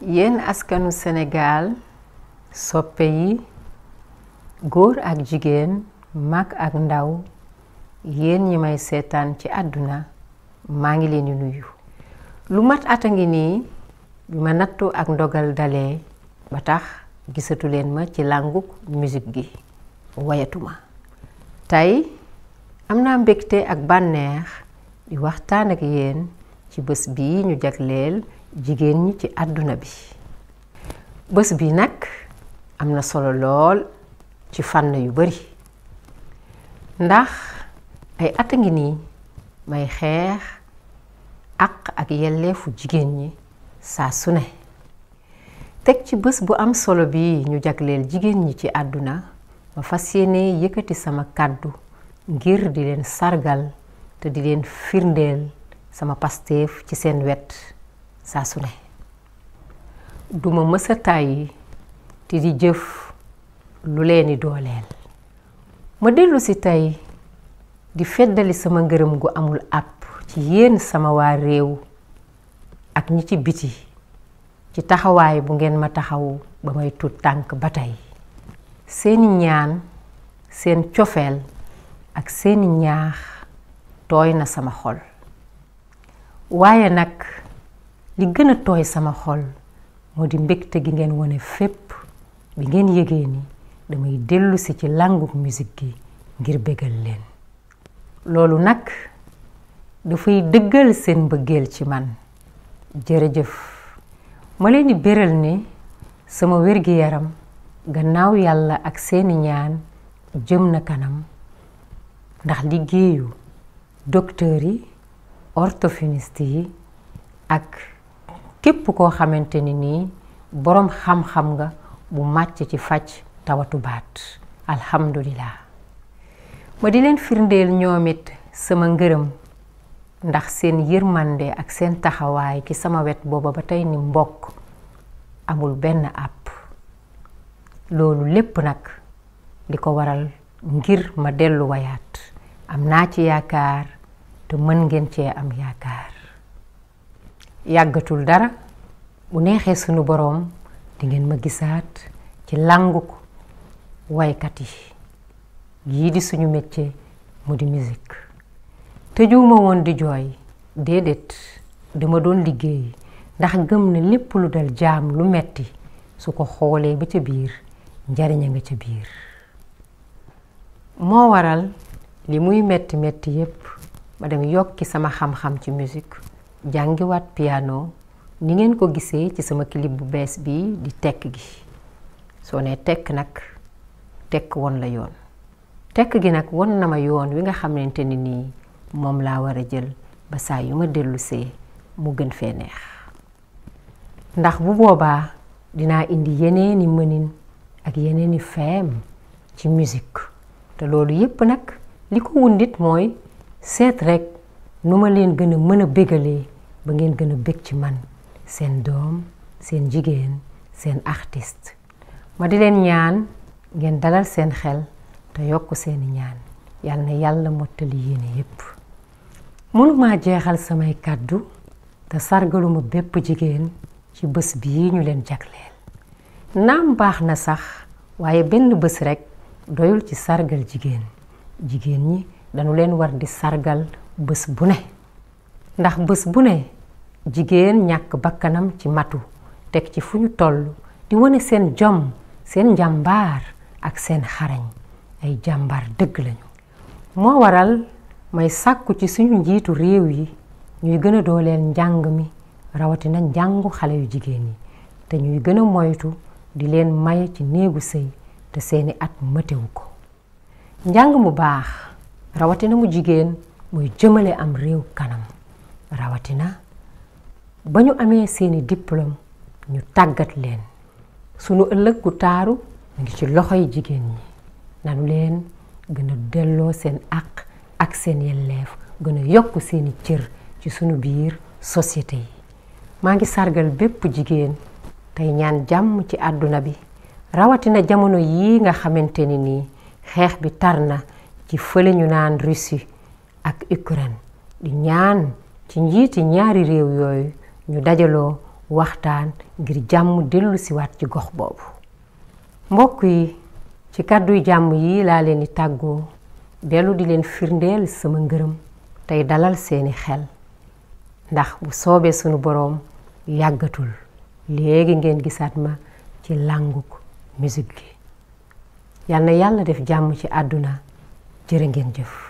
yenn askanu senegaal soppe yi góor ak jigéen mag ak ndaw yéen ñi may seetaan ci àdduna maa ngi leen di nuyu lu mat at a ngi nii bi ma nattu ak ndogal dale ba tax gisatu leen ma ci lànguk musique gi wayatuma tey am na mbégte ak bànneex yu waxtaan ak yéen ci bés bii ñu jagleel jigéen ñi ci àdduna bi bés bi nag am na solo lool ci fànn yu bari ndax ay at a ngi nii may xeex àq ak yelleefu jigéen ñi saa su ne teg ci bés bu am solo bi ñu jagleel jigéen ñi ci àdduna ma fas yéene yëkkati sama kàddu ngir di leen sargal te di leen firndeel sama pasteef ci seen wet saa su ne duma mësa tàyyi te di jëf lu leeni dooleel ma dellusi tey di feddali sama ngërëm gu amul àpp ci yenn sama waa réew ak ñi ci biti ci taxawaay bu ngeen ma taxaw ba may tut tànk ba tey seeni ñaan seen cofeel ak seeni ñaax tooy na sama xol waaye nag li gën a tooy sama xol moo di mbégte gi ngeen wone fépp bi ngeen yëgee ni damay dellusi ci làngub musique gi ngir bégal leen loolu nag dafay dëggal seen mbëggeel ci man jërëjëf ma leen di bëral ne sama wér-gi-yaram gannaaw yàlla ak seeni ñaan jëm na kanam ndax liggéeyu docteur yi orthophoniste yi ak képp koo xamante ni nii boroom xam-xam nga bu màcc ci faj tawatubaat baat alhamdulillah ma di leen firndeel ñoom it sama ngërëm ndax seen yërmande ak seen taxawaay ci sama wet booba ba tey ni mbokk amul benn àpp loolu lépp nag di ko waral ngir ma dellu wayaat am naa ci yaakaar te mën ngeen cee am yaakaar yàggatul dara bu neexee sunu boroom dingeen ma gisaat ci lànguk woykat yi yii di suñu métier mu di musique tëjuwuma woon di jooy déedéet dama doon liggéey ndax gëm ne lépp lu dal jaam lu metti su ko xoolee ba ca biir njariñ a nga ca biir moo waral li muy metti metti yépp ma dem yokki sama xam-xam ci musique jàngiwaat piano ni ngeen ko gisee ci sama clip bu bees bii di tekk gi soo nee tekk nag tekk won la yoon tekk gi nag won na ma yoon wi nga xamante ni nii moom laa war a jël ba saa yu ma dellusee mu gën fee neex ndax bu boobaa dinaa indi yeneeni mënin ak yeneeni feem ci musique te loolu yépp nag li ko wundit mooy seet rekk nu ma leen gën a mën a bégalee ba ngeen gën a bég ci man seen doom seen jigéen seen artiste ma di leen ñaan ngeen dalal seen xel te yokk seeni ñaan yal na yàlla mottali yéene yépp maa jeexal samay kàddu te sargaluma bépp jigéen ci bés bii ñu leen jagleel naam baax na sax waaye benn bés rekk doyul ci sargal jigéen jigéen ñi dañu leen war di sargal bës bu ne ndax bës bu ne jigéen ñàkk bakkanam ci matu teg ci fu ñu toll di wane seen jom seen njàmbaar ak seen xarañ ay jàmbaar dëgg lañu moo waral may sàkku ci suñu njiitu réew yi ñuy gëna dooleel njàng mi rawatina njàngu xale yu jigéen yi te ñuy gëna moytu di leen maye ci néegu sëy te seeni at mëtewu ko njàng mu baax rawatina mu jigéen muy jëmale am réew kanam rawatina ba ñu amee seeni diplôme ñu tàggat leen sunu ëllëg gu taaru mu ngi ci loxoy jigéen ñi nanu leen gën a delloo seen àq ak seen yelleef gën a yokk seeni cër ci sunu biir société yi maa ngi sargal bépp jigéen tey ñaan jàmm ci àdduna bi rawatina jamono yii nga xamante ni nii xeex bi tar na ci fële ñu naan Russie ak Ukraine di ñaan ci njiiti ñaari réew yooyu ñu dajaloo waxtaan ngir jàmm dellu siwaat ci gox boobu mbokk yi ci kàdduy jàmm yi laa leen di tàggoo dellu di leen firndeel sama ngërëm tey dalal seeni xel ndax bu soobee sunu boroom yàggatul léegi ngeen gisaat ma ci lànguk musique gi yal yàlla def jàmm ci àdduna jërë ngeen jëf